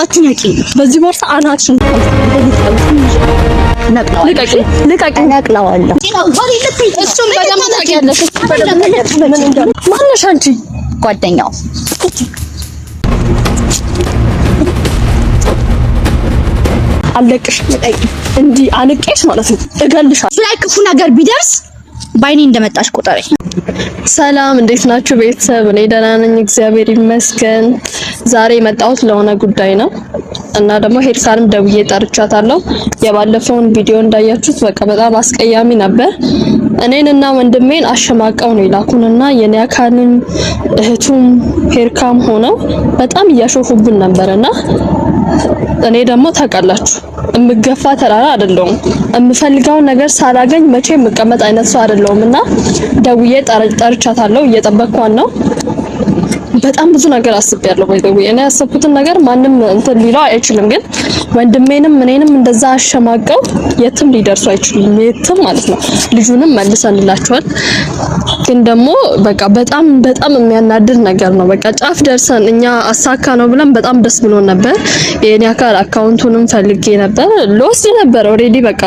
አትነቂ። በዚህ ቦርሳ አናትሽን ነቅለዋለሁ። ጓደኛው አለቅሽ እንዲህ አልቄሽ ማለት ነው እገልሻለሁ። ላይ ክፉ ነገር ቢደርስ ባይኔ እንደመጣሽ ቁጠሪ። ሰላም እንዴት ናችሁ ቤተሰብ? እኔ ደህና ነኝ፣ እግዚአብሔር ይመስገን። ዛሬ የመጣሁት ለሆነ ጉዳይ ነው። እና ደግሞ ሄርሳንም ደውዬ ጠርቻታለሁ። የባለፈውን ቪዲዮ እንዳያችሁት በቃ በጣም አስቀያሚ ነበር። እኔን እና ወንድሜን አሸማቀው ነው ይላኩን የኔ አካልን እህቱም ሄርካም ሆነው በጣም እያሾፉብን ነበር እና እኔ ደግሞ ታውቃላችሁ እምገፋ ተራራ አይደለሁም። እምፈልገውን ነገር ሳላገኝ መቼ የምቀመጥ አይነት ሰው አይደለሁም እና ደውዬ ጠርቻታለሁ። እየጠበቅኳን ነው በጣም ብዙ ነገር አስቤያለሁ። ባይዘው እኔ ያሰብኩትን ነገር ማንም እንትን ሊለው አይችልም፣ ግን ወንድሜንም እኔንም እንደዛ አሸማቀው የትም ሊደርሱ አይችሉም። የትም ማለት ነው። ልጁንም መልሰንላቸዋል። ግን ደግሞ በቃ በጣም በጣም የሚያናድድ ነገር ነው። በቃ ጫፍ ደርሰን እኛ አሳካ ነው ብለን በጣም ደስ ብሎ ነበር። የኔ አካል አካውንቱንም ፈልጌ ነበር ሎስ ነበር ኦሬዲ በቃ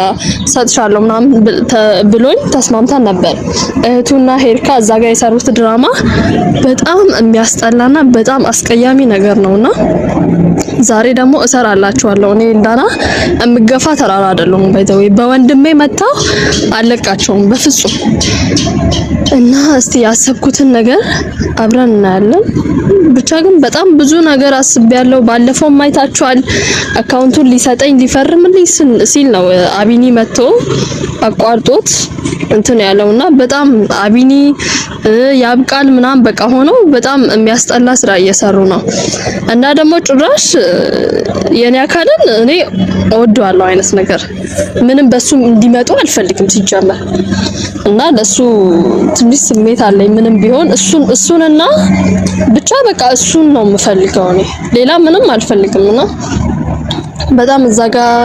ሰጥሻለሁ ምናምን ብሎኝ ተስማምተን ነበር። እህቱና ሄርካ እዛ ጋር የሰሩት ድራማ በጣም የሚያስጠላና በጣም አስቀያሚ ነገር ነውና ዛሬ ደግሞ አላችኋለሁ። እኔ እንዳና የምገፋ ተራራ አይደለሁም። ባይዘዌ በወንድሜ መታው አለቃቸውም በፍጹም እና እስቲ ያሰብኩትን ነገር አብረን እናያለን። ብቻ ግን በጣም ብዙ ነገር አስቤያለሁ። ባለፈው ማይታችኋል። አካውንቱን ሊሰጠኝ ሊፈርምልኝ ሲል ነው አቢኒ መጥቶ አቋርጦት እንትን ያለውና በጣም አቢኒ ያብቃል ምናምን በቃ ሆነው በጣም የሚያስጠላ ስራ እየሰሩ ነው። እና ደግሞ ጭራሽ የኔ አካልን እኔ እወደዋለሁ አይነት ነገር ምንም በሱ እንዲመጡ አልፈልግም ሲጀመር እና ለሱ ትንሽ ስሜት አለኝ። ምንም ቢሆን እሱን እሱንና ብቻ በቃ እሱን ነው የምፈልገው እኔ ሌላ ምንም አልፈልግም። እና በጣም እዛ ጋር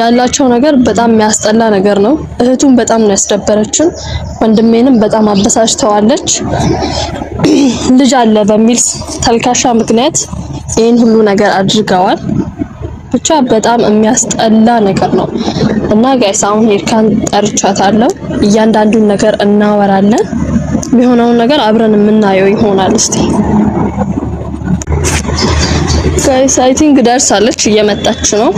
ያላቸው ነገር በጣም የሚያስጠላ ነገር ነው። እህቱን በጣም ነው ያስደበረችን። ወንድሜንም በጣም አበሳጭተዋለች። ልጅ አለ በሚል ተልካሻ ምክንያት ይህን ሁሉ ነገር አድርገዋል። ብቻ በጣም የሚያስጠላ ነገር ነው። እና ጋይስ አሁን ኤርካን ጠርቻታለሁ። እያንዳንዱን ነገር እናወራለን። የሆነውን ነገር አብረን የምናየው ይሆናል። እስቲ ጋይስ አይ ቲንክ ደርሳለች፣ እየመጣች ነው።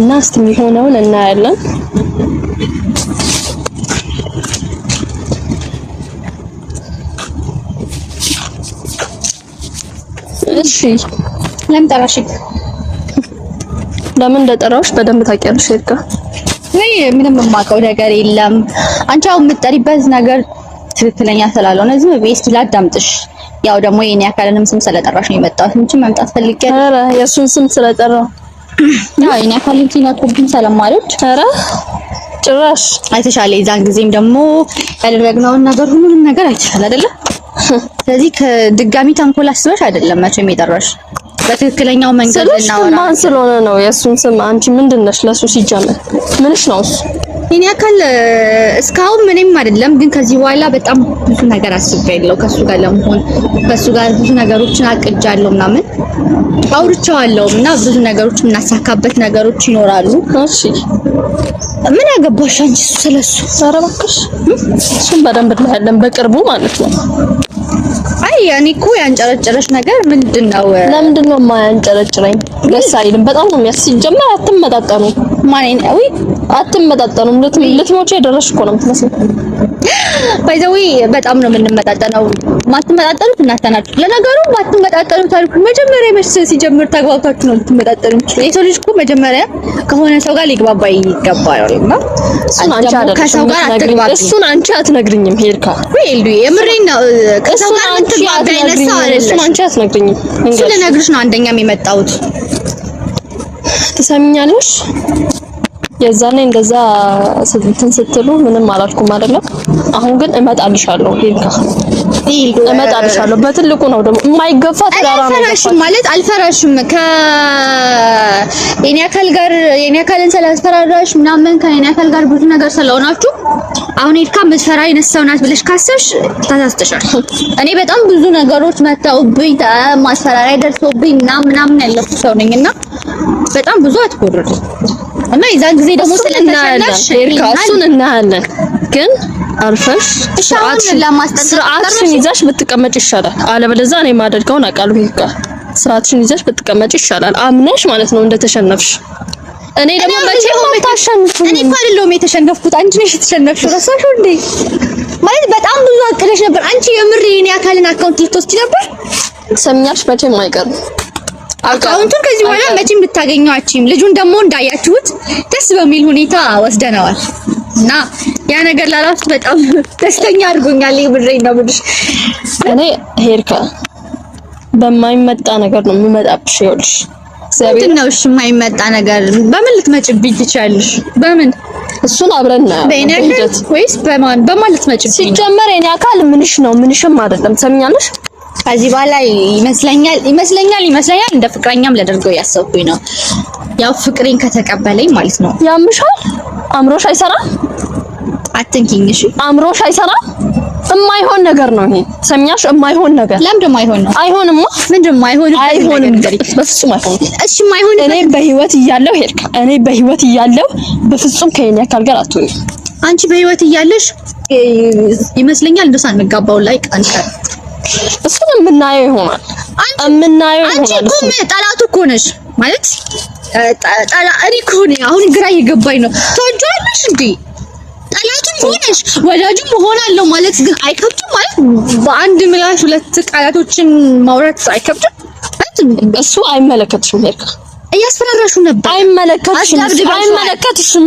እና እስቲ የሚሆነውን እናያለን። እሺ ለምን ጠራሽ? ለምን እንደጠራሁሽ በደንብ ታውቂያለሽ። ሄርካ ነይ። ምንም የማውቀው ነገር የለም። አንቺ አሁን የምትጠሪበት ነገር ትክክለኛ ስላልሆነ ዝም ብዬ እስኪ ላዳምጥሽ። ያው ደግሞ የኔ አካልንም ስም ስለጠራሽ ነው የመጣሁት እንጂ መምጣት ፈልጌያለሁ። አረ የእሱን ስም ስለጠራው ያው የኔ አካልን ሲነኩብኝ ስለማልወድ አረ ጭራሽ አይተሻለ። የዛን ጊዜም ደግሞ ያደረግነውን ነገር ሁሉንም ነገር አይተሻል አይደለ? ስለዚህ ከድጋሚ ተንኮል አስበሽ አይደለም መቼም የጠራሽ በትክክለኛው መንገድ እናወራ። ማን ስለሆነ ነው የእሱን ስም? አንቺ ምንድን ነሽ ለሱ? ሲጀመር ምንሽ ነው እሱ? የኔ አካል እስካሁን ምንም አይደለም፣ ግን ከዚህ በኋላ በጣም ብዙ ነገር አስቤያለሁ ከሱ ጋር ለመሆን ከሱ ጋር ብዙ ነገሮችን አቅጃለሁ ምናምን አውርቼዋለሁ እና ብዙ ነገሮች የምናሳካበት ነገሮች ይኖራሉ። እሺ ምን አገባሽ አንቺ ስለሱ? ኧረ እባክሽ እሱን በደንብ እናያለን በቅርቡ ማለት ነው። ያኔ እኮ ያንጨረጨረሽ ነገር ምንድን ነው? ለምንድን ነው የማያንጨረጭረኝ? ደስ አይልም። በጣም ነው የሚያስጀምር። አትመጣጠኑ ማኔን አዊ አትመጣጠኑም። ልትሞቺ የደረስሽ እኮ ነው የምትመስለው። ባይዘዊ በጣም ነው የምንመጣጠነው። ማትመጣጠኑት እናተናችሁ። ለነገሩ ባትመጣጠኑት አልኩ መጀመሪያ መች ሲጀምር ተግባብታችሁ ነው የምትመጣጠኑት። የሰው ልጅ እኮ መጀመሪያ ከሆነ ሰው ጋር ሊግባባ ይገባል እና እሱን አንቺ አትነግሪኝም። ሄልካ ወይ ኤልዱ የምሬን ነው ከሰው ጋር አንቺ ልነግርሽ ነው አንደኛም የመጣሁት ትሰሚኛለሽ። የዛኔ እንደዛ እንትን ስትሉ ምንም አላልኩም አይደለም። አሁን ግን እመጣልሻለሁ፣ ሄልካ እመጣልሻለሁ። በትልቁ ነው ደግሞ የማይገፋ ተራራ ነው። አልፈራሽም ማለት አልፈራሽም። ከኔ አካል ጋር የኔ አካልን ስላስፈራራሽ ምናምን ከኔ አካል ጋር ብዙ ነገር ስለሆናችሁ አሁን ሄድካ የምትፈራ አይነት ሰው ናት ብለሽ ካሰብሽ ተሳስተሻል። እኔ በጣም ብዙ ነገሮች መተውብኝ ማስፈራሪያ ደርሶብኝ ምናምን ምናምን ያለፉ ሰው ነኝ እና በጣም ብዙ አትጎርድ እና የዛን ጊዜ ደግሞ ስለተሸነፍሽ እናያለን ግን አልፈሽ ስርዓትሽን ይዛሽ ብትቀመጭ ይሻላል። አለበለዚያ እኔ ማደርገውን አውቃለሁ። ይቃ ስርዓትሽን ይዛሽ ብትቀመጭ ይሻላል። አምነሽ ማለት ነው እንደተሸነፍሽ እኔ ደግሞ መቼም አታሸንፉ። እኔ እኮ አይደለሁም የተሸነፍኩት፣ አንቺ ነሽ የተሸነፍሽው። ረሳሽው እንዴ? ማለት በጣም ብዙ አቅለሽ ነበር አንቺ። የምር የኔ አካልን አካውንት ልትወስጂ ነበር። ሰምኛሽ፣ መቼም አይቀርም። አካውንቱን ከዚህ በኋላ መቼም ልታገኘው ብታገኘዋችሁም። ልጁን ደግሞ እንዳያችሁት ደስ በሚል ሁኔታ ወስደነዋል እና ያ ነገር ላላፍት በጣም ደስተኛ አድርጎኛል። ይብረኝ ነው ብድሽ እኔ ሄርካ በማይመጣ ነገር ነው የሚመጣብሽ ይኸውልሽ ምንድን ነው እሺ? የማይመጣ ነገር በምን ልትመጭብኝ ትችያለሽ? በምን እሱን አብረን ወይስ በማን በማን ልትመጭብኝ? ሲጀመር አካል ምንሽ ነው ምንሽም አይደለም። ትሰሚኛለሽ? ከዚህ በኋላ ይመስለኛል ይመስለኛል ይመስለኛል እንደ ፍቅረኛም ለደርገው ነው። ያው ፍቅሬን ከተቀበለኝ ማለት ነው። ያምሻል? አእምሮሽ አይሰራም? አትንኪኝ። እሺ አእምሮሽ አይሰራም። እማይሆን ነገር ነው ይሄ። ሰሚያሽ? የማይሆን ነገር ለምን ደግሞ ነው? አይሆንማ። ምንድነው አይሆን? አይሆንም፣ በፍጹም አይሆንም። እሺ የማይሆን እኔ በህይወት እያለሁ ሄድክ፣ እኔ በህይወት እያለሁ በፍጹም ከኔ አካል ጋር አትሆኝ። አንቺ በህይወት እያለሽ ይመስለኛል እንደው ሳንጋባው ላይ አንተ እሱን የምናየው ይሆናል የምናየው ይሆናል። አንቺ ቁም ጠላት እኮ ነሽ ማለት ጠላ እኔ እኮ ነኝ። አሁን ግራ እየገባኝ ነው። ተወጂዋለሽ እንዴ? ጠላቱም ሆነሽ ወዳጁም እሆናለሁ ማለት ግን አይከብድም ማለት በአንድ ምላሽ ሁለት ቃላቶችን ማውራት አይከብድም። እሱ አይመለከትሽም። ሄርካ እያስፈራራሹ ነበር። አይመለከትሽም፣ አይመለከትሽም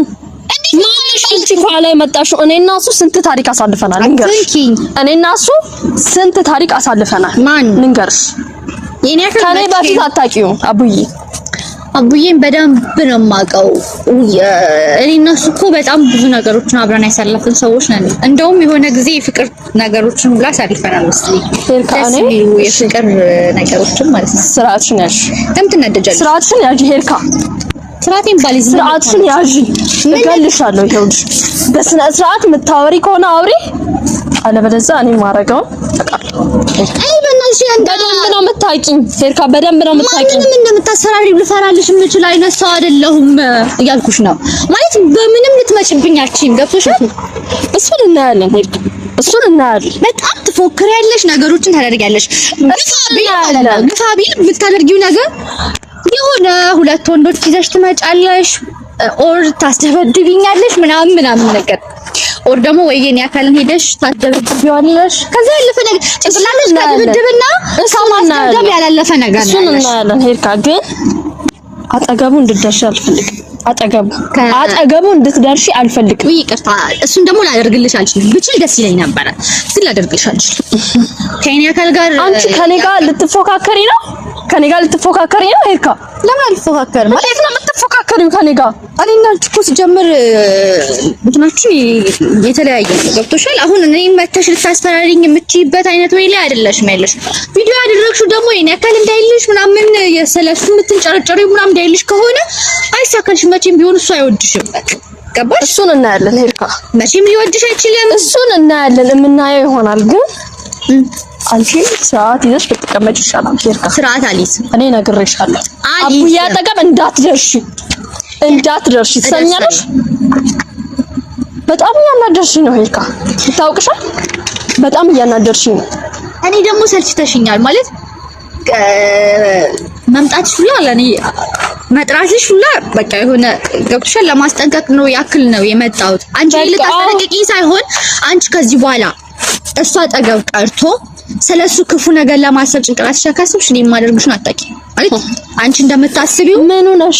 ላይ መጣሽው። እኔና እሱ ስንት ታሪክ አሳልፈናል ንገርሽ። እኔና እሱ ስንት ታሪክ አሳልፈናል ንገርሽ። ከኔ በፊት አታውቂውም አቡዬ አቡዬን በደንብ ነው የማውቀው። እኔ እና እሱ እኮ በጣም ብዙ ነገሮችን አብረን ያሳለፍን ሰዎች ነን። እንደውም የሆነ ጊዜ የፍቅር ነገሮችን ብላ አሳልፈናል። የፍቅር ነገሮችን ማለት ነው። ስርዓትሽን ያዥ። ለምን ትናደጃለሽ? ስርዓትሽን ያዥ ሄርካ። ስርዓቴን ባል ስርዓትሽን ያዥ። እገልሻለሁ። ይኸውልሽ በስነ ስርዓት የምታወሪ ከሆነ አውሪ፣ አለበለዚያ እኔ ማረገው ተቃጥሎ አንቺ በደንብ ነው የምታውቂኝ ሄርካ፣ በደንብ ነው የምታውቂኝ። ምንም እንደምታሰራሪ ልፈራልሽ የምችል አይነት ሰው አይደለሁም እያልኩሽ ነው ማለት በምንም ልትመጭብኝ አልችልም። ገብቶሻል? እሱን እናያለን ሄርካ፣ እሱን እናያለን። በጣም ትፎክሪያለሽ፣ ነገሮችን ታደርጊያለሽ። ግፋ ቢል የምታደርጊው ነገር የሆነ ሁለት ወንዶች ይዘሽ ትመጫለሽ፣ ኦር ታስደበድብኛለሽ ምናምን ምናምን ነገር ኦር ደግሞ ወይ የኔ አካልን ሄደሽ ታደብድቢዋለሽ። ከዛ ያለፈ ነገር ጭንቅላትሽ ከድብድብና ሰው ማስቀደም ያላለፈ ነገር ነው። እሱን እናያለን። ሄርካ ግን አጠገቡ እንድደርሽ አልፈልግም። አጠገቡ አጠገቡ እንድትደርሺ አልፈልግም። ይቅርታ፣ እሱን ደግሞ ላደርግልሽ አልችልም። ብችል ደስ ይለኝ ነበረ፣ ግን ላደርግልሽ አልችልም። ከኔ አካል ጋር አንቺ ከኔ ጋር ልትፎካከሪ ነው ከኔ ጋር ልትፎካከሪ ነው ሄርካ? ለምን አልፎካከር ማለት ነው የምትፎካከሪው ከኔ ጋር። እኔና አንቺ እኮ ስጀምር እንትናችን የተለያየ ገብቶሻል። አሁን እኔ መተሽ ልታስፈራሪኝ የምትይበት አይነት ወይ ላይ አይደለሽም ያለሽ። ቪዲዮ ያደረግሽው ደግሞ የኔ አካል እንዳይልሽ ምናምን የሰለሱ የምትንጨረጨሪው ምናምን እንዳይልሽ ከሆነ አይሳካልሽም። መቼም ቢሆን እሱ አይወድሽም። ገባሽ? እሱን እናያለን ሄርካ። መቼም ሊወድሽ አይችልም። እሱን እናያለን፣ የምናየው ይሆናል። ግን አንቺ ሰዓት ይዘሽ ብትቀመጭ ይሻላል። ስርዓት አሊስ እኔ ነግሬሻለሁ። አቡያ አጠገብ እንዳትደርሺ እንዳትደርሺ ትሰኛለሽ። በጣም እያናደርሽኝ ነው ሄርካ፣ ይታውቅሻል። በጣም እያናደርሽኝ ነው። እኔ ደግሞ ሰልችተሽኛል ማለት መምጣትሽ ሁላ ለኔ መጥራትሽ ሁላ በቃ የሆነ ገብቶሻል። ለማስጠንቀቅ ነው ያክል ነው የመጣሁት። አንቺ ልታስጠነቅቂኝ ሳይሆን አንቺ ከዚህ በኋላ እሷ አጠገብ ቀርቶ ስለሱ ክፉ ነገር ለማሰብ ጭንቅላትሽ ያካስብሽ። እኔ የማደርግሽን አታውቂም አይደል? አንቺ እንደምታስቢው ምኑ ነሽ?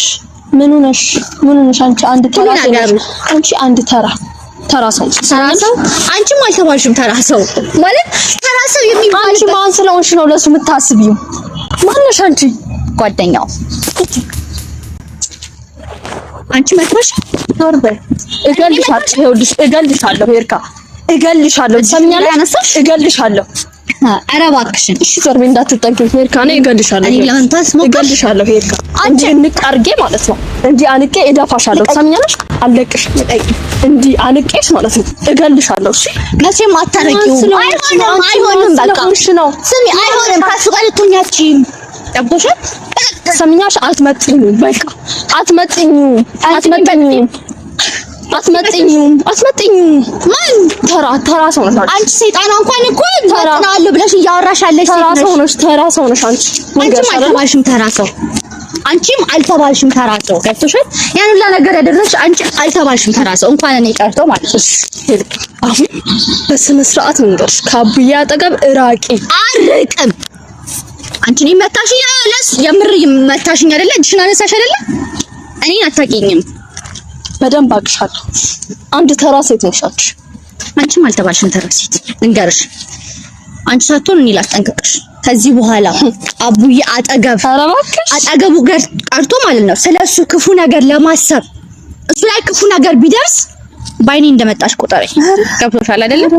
ምኑ ነሽ? ምኑ ነሽ? አንቺ አንድ ተራ ነገር አንቺ አንድ ተራ ተራ ሰው ተራ ሰው አንቺም አልተባልሽም። ተራ ሰው ማለት ተራ ሰው የሚባል አንቺ ማን ስለሆንሽ ነው ለሱ የምታስቢው? ነሽ አንቺ? ጓደኛው አንቺ መጥበሽ ኖርበ እገልሻለሁ፣ እገልሻለሁ፣ ሄርካ እገልሻለሁ፣ ሰምኛለሁ፣ እገልሻለሁ ኧረ እባክሽን እሺ፣ ዞርቤ እንዳትጠጊ ሄርካ፣ እኔ እገልሻለሁ። እኔ ለአንተስ እገልሻለሁ ሄርካ፣ እንጂ እንቅ አድርጌ ማለት ነው እንጂ አንቄ እደፋሻለሁ። ትሰሚኛለሽ? አለቅሽ እንጂ አንቄሽ ማለት ነው እገልሻለሁ። እሺ፣ መቼም አታረቂውም። አይሆንም፣ አይሆንም። በቃ እሺ ነው። ስሚ፣ አይሆንም። ከእሱ ጋር ልትሆኚ አትችይም። ገባሽ? አትመጥኝም አትመጥኝም፣ አትመጥኝም። ማን ተራ ተራ ሰው ነሽ አንቺ። ሰይጣን እንኳን እኮ ተራናለ ብለሽ እያወራሽ ያለሽ ተራ ሰው ነሽ፣ ተራ ሰው ነሽ አንቺ። አንቺም አልተባልሽም ተራ ሰው፣ አንቺም አልተባልሽም ተራ ሰው። ገብቶሻል? ያን ሁላ ነገር ያደረግሽ አንቺ አልተባልሽም ተራ ሰው። እንኳን እኔ ቀርቶ ማለት ነው። አሁን በስነ ስርዓት መንገርሽ ከአብዬ አጠገብ እራቂ። አርቅም አንቺ ነኝ መታሽኝ። ለስ የምር መታሽኝ አይደለ? እጅሽን አነሳሽ አይደለ? እኔን አታውቂኝም በደንብ አቅሻለሁ። አንድ ተራ ሴት ነሽ አንቺ። አንቺም አልተባልሽም ተራ ሴት። እንገርሽ አንቺ ሳትሆን እኔ ላስጠንቅቅሽ። ከዚህ በኋላ አቡዬ አጠገብ አጠገቡ ቀርቶ ማለት ነው ስለሱ ክፉ ነገር ለማሰብ እሱ ላይ ክፉ ነገር ቢደርስ ባይኔ እንደመጣሽ ቁጠሪ። ገብቶሻል አይደለም?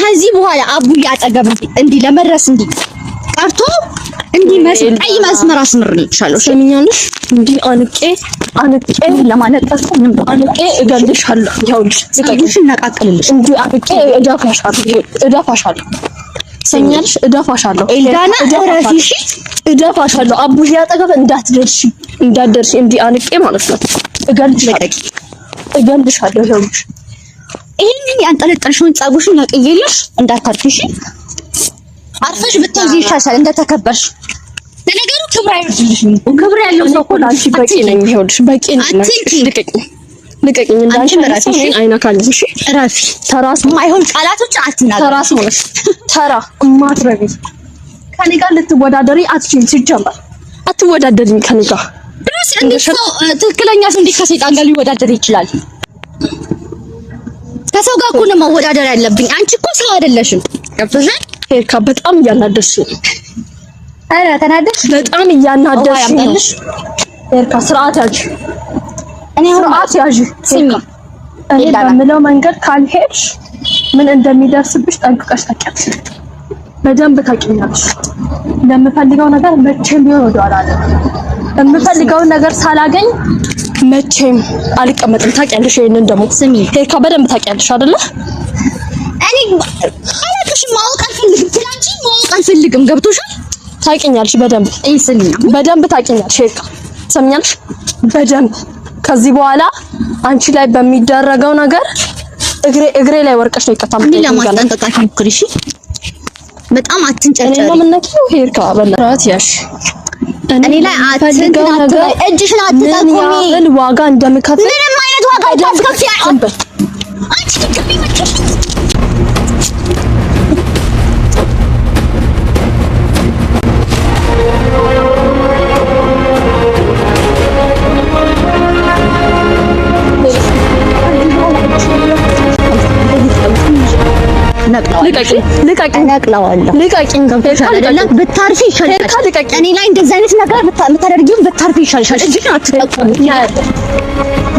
ከዚህ በኋላ አቡዬ አጠገብ እንዲህ ለመድረስ እንዲህ እንዲህ መስመር ቀይ መስመር አስምርልሻለሁ። ሰሚኛለሽ? እንዲህ አንቄ አንቄ ለማነጠፍ ምንም አንቄ እገልሻለሁ። ይኸውልሽ ልቀቅሽ፣ እናቃቅልልሽ። እንዲህ አንቄ እዳፋሻለሁ፣ እዳፋሻለሁ። ሰሚኛለሽ? እዳፋሻለሁ፣ እዳፋሻለሁ። አቡሽ ያጠገብ እንዳትደርሺ፣ እንዳትደርሺ። እንዲህ አንቄ ማለት ነው። እገልሻለሁ፣ እገልሻለሁ። ይኸውልሽ ይሄንን ያንጠለጠልሽውን ጸጉርሽን ነቅዬልሽ እንዳታርፊሽ አርፈሽ ብትይዝ ይሻሻል እንደተከበርሽ። ለነገሩ ክብር አይወድልሽም። ክብር ያለው ሰው እኮ ለአንቺ በቂ ነኝ። ይኸውልሽ በቂ ነኝ። ልቀቂኝ፣ ልቀቂኝ። እንዳንቺ ራፊ አይነካኝም። እሺ ራፊ ተራስ ማይሆን ቃላቶች አትናገር። ተራስ ሆነሽ ተራ እማትረቢ ከኔ ጋር ልትወዳደሪ አትችይም። ሲጀመር አትወዳደሪኝ ከኔ ጋር እንዴት ሰው ትክክለኛ ሰው እንዴት ከሰይጣን ጋር ሊወዳደር ይችላል? ከሰው ጋር እኮ ነው መወዳደር ያለብኝ። አንቺ እኮ ሰው አይደለሽም። ገብቶሻል? ኤርካ በጣም እያናደድሽ አረ ተናደሽ በጣም እያናደድሽ ነው ኤርካ። ስርዓት ያዥ። እኔ ስርዓት ያዥ። ስሚ፣ እኔ በምለው መንገድ ካልሄድሽ ምን እንደሚደርስብሽ ጠንቅቀሽ ታውቂያለሽ። በደንብ ታውቂኛለሽ። ለምፈልገው ነገር መቼም ቢሆን ወደኋላ አለ። የምፈልገውን ነገር ሳላገኝ መቼም አልቀመጥም። ታውቂያለሽ። ይሄንን ደግሞ ስሚ ኤርካ፣ በደንብ ታውቂያለሽ አይደለ? እኔ ራስሽ ማወቅ አልፈልግም። ገብቶሻል? ታውቂኛለሽ በደንብ እይስልኝ በደንብ ታውቂኛለሽ። ሄርካ ትሰሚኛለሽ በደንብ ከዚህ በኋላ አንቺ ላይ በሚደረገው ነገር እግሬ እግሬ ላይ ወርቀሽ ነው ይቅርታ ምን ለማስጠንቀቃት ሞክሪ። እሺ በጣም አትንጨርጨሪ። እኔ ምን ነኪው ሄርካ በላት ያሽ እኔ ላይ አትንጨርጨሪ። እጅሽን አትጠቁሚ። ምን ዋጋ እንደምከፍል ምንም አይነት ዋጋ እንደምከፍል አንቺ ትቀበይ መጥተሽ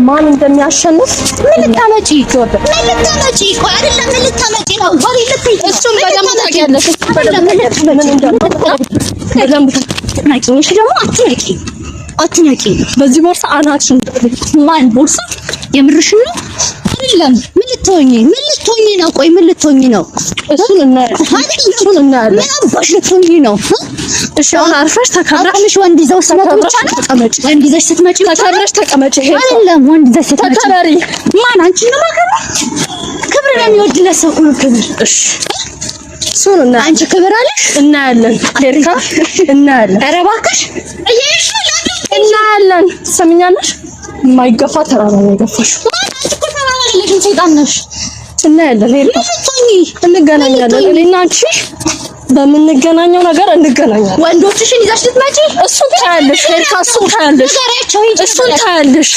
ማን እንደሚያሸንፍ ምን ልታመጪ ይወጣል? ምን ልታመጪ ቆይ፣ አይደለም በዚህ ቦርሳ አናትሽን ማን ቦርሳ የምርሽን ነው? የለም ምን ልትሆኚ ምን ልትሆኚ ነው? ቆይ ምን ልትሆኚ ነው? እሱን እናያለን። ምን አባሽ ልትሆኚ ነው? እሺ አሁን አርፈሽ ተከብረሽ ወንድ ይዘው ስትመጪ ብቻ ወንድ ይዘሽ ስትመጪ ተከብረሽ ተቀመጪ። አይደለም ወንድ ይዘሽ ስትመጪ ተከበሪ። ማን አንቺ ነው ማከብር? ክብር ነው የሚወድ ለሰው ሁሉ ክብር። እሺ እሱን እና አንቺ ክብር አለሽ። እናያለን እናያለን። ኧረ እባክሽ እናያለን። ትሰሚኛለሽ የማይገፋ ተራራ ላይ ገፋሽ። እናያለን፣ እንገናኛለን። እኔና አንቺ በምንገናኘው ነገር እንገናኛለን። ወንዶችሽን ይዘሽ ስትመጪ እሱን ታያለሽ፣ እሱን ታያለሽ፣ እሱን ታያለሽ